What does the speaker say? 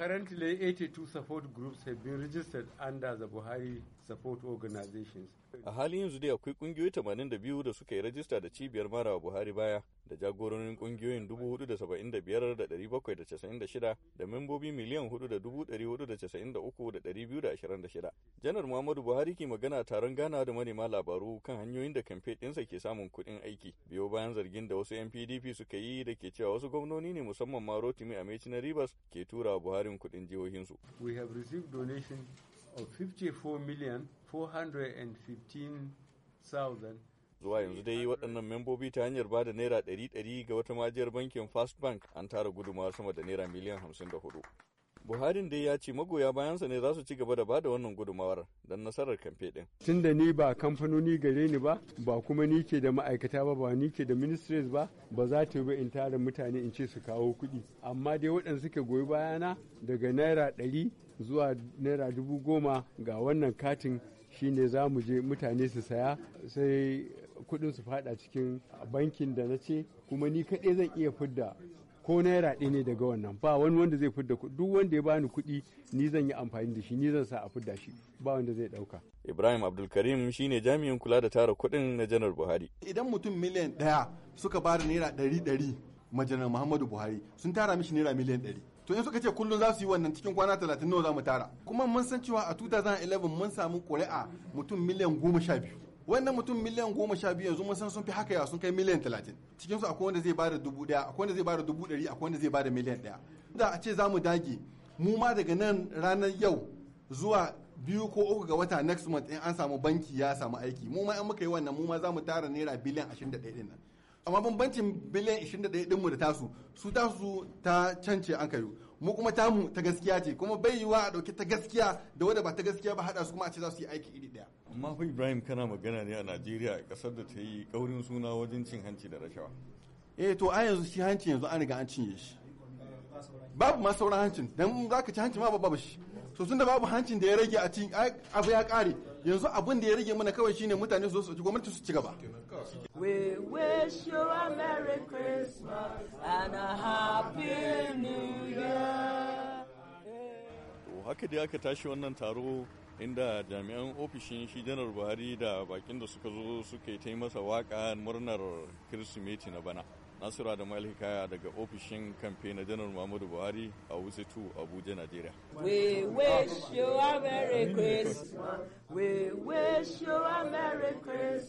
Currently, 82 support groups have been registered under the Buhari support organizations. A halin yanzu dai akwai kungiyoyi 82 da suka yi rajista da cibiyar mara Buhari baya da jagororin kungiyoyin 475,796 da membobi miliyan 4,493,226. Janar Muhammadu Buhari ke magana taron gana da manema labaru kan hanyoyin da kamfe ɗinsa ke samun kuɗin aiki biyo bayan zargin da wasu 'yan PDP suka yi da ke cewa wasu gwamnoni ne musamman ma Rotimi a na Rivers ke tura Buharin kuɗin jihohinsu. We have received donation of 54,415,000 million zuwa yanzu dai waɗannan membobi ta hanyar ba da naira ɗari ɗari ga wata majiyar bankin fast bank an tara gudumawar sama da naira miliyan hamsin da hudu buharin dai ya ce magoya bayansa ne za su ci gaba da ba da wannan gudumawar don nasarar kamfe ɗin. tun da ni ba kamfanoni gare ni ba ba kuma ni ke da ma'aikata ba ba ni ke da ministries ba ba za ta ba in tara mutane in ce su kawo kuɗi amma dai waɗanda suke goyi bayana daga naira ɗari zuwa naira dubu goma ga wannan katin shine za mu je mutane su saya sai kudin su fada cikin bankin da na ce kuma ni kaɗai zan iya fidda ko naira ɗaya ne daga wannan ba wani wanda zai fidda duk wanda ya bani kuɗi ni zan yi amfani da shi ni zan sa a fidda shi ba wanda zai ɗauka. Ibrahim Abdulkarim shine jami'in kula da tara kuɗin na Janar Buhari. Idan mutum miliyan ɗaya suka bada naira ɗari ɗari ma Muhammadu Buhari sun tara mishi naira miliyan ɗari. to in suka ce kullum za su yi wannan cikin kwana 30 nawa za mu tara kuma mun san cewa a 2011 mun samu ƙuri'a mutum miliyan goma sha biyu wannan mutum miliyan goma sha biyu yanzu mun san sun fi haka yawa sun kai miliyan talatin cikin su akwai wanda zai bada dubu daya akwai wanda zai bada dubu dari akwai wanda zai bada miliyan daya da a ce za mu dage mu ma daga nan ranar yau zuwa biyu ko uku ga wata next month in an samu banki ya samu aiki mu ma in muka yi wannan mu ma za mu tara naira biliyan 21 din nan amma bambancin biliyan 21 dinmu da tasu su tasu ta cance an kayu mu kuma tamu ta gaskiya ce kuma bai yiwa a dauki ta gaskiya da wadda ba ta gaskiya ba hada su kuma a ce za su yi aiki iri daya amma fa Ibrahim kana magana ne a Najeriya kasar da ta yi kaurin suna wajen cin hanci da rashawa eh to a yanzu shi hanci yanzu an riga an cinye shi babu ma sauran hancin dan za ka ci hanci ma babu shi to tunda babu hancin da ya rage a cikin abu ya kare yanzu abin da ya rage mana kawai shine mutane su zo su gwamnati su ci gaba We wish you a Merry Christmas and a Happy New Year. To haka dai aka tashi wannan taro inda jami'an ofishin shi janar Buhari da bakin da suka zo suka yi masa waka murnar Kirsimeti na bana. Nasiru da Hikaya daga ofishin kamfe na Janar Muhammadu Buhari a Wusitu, Abuja, Najeriya. We wish you a Merry Christmas. We wish you a Merry Christmas.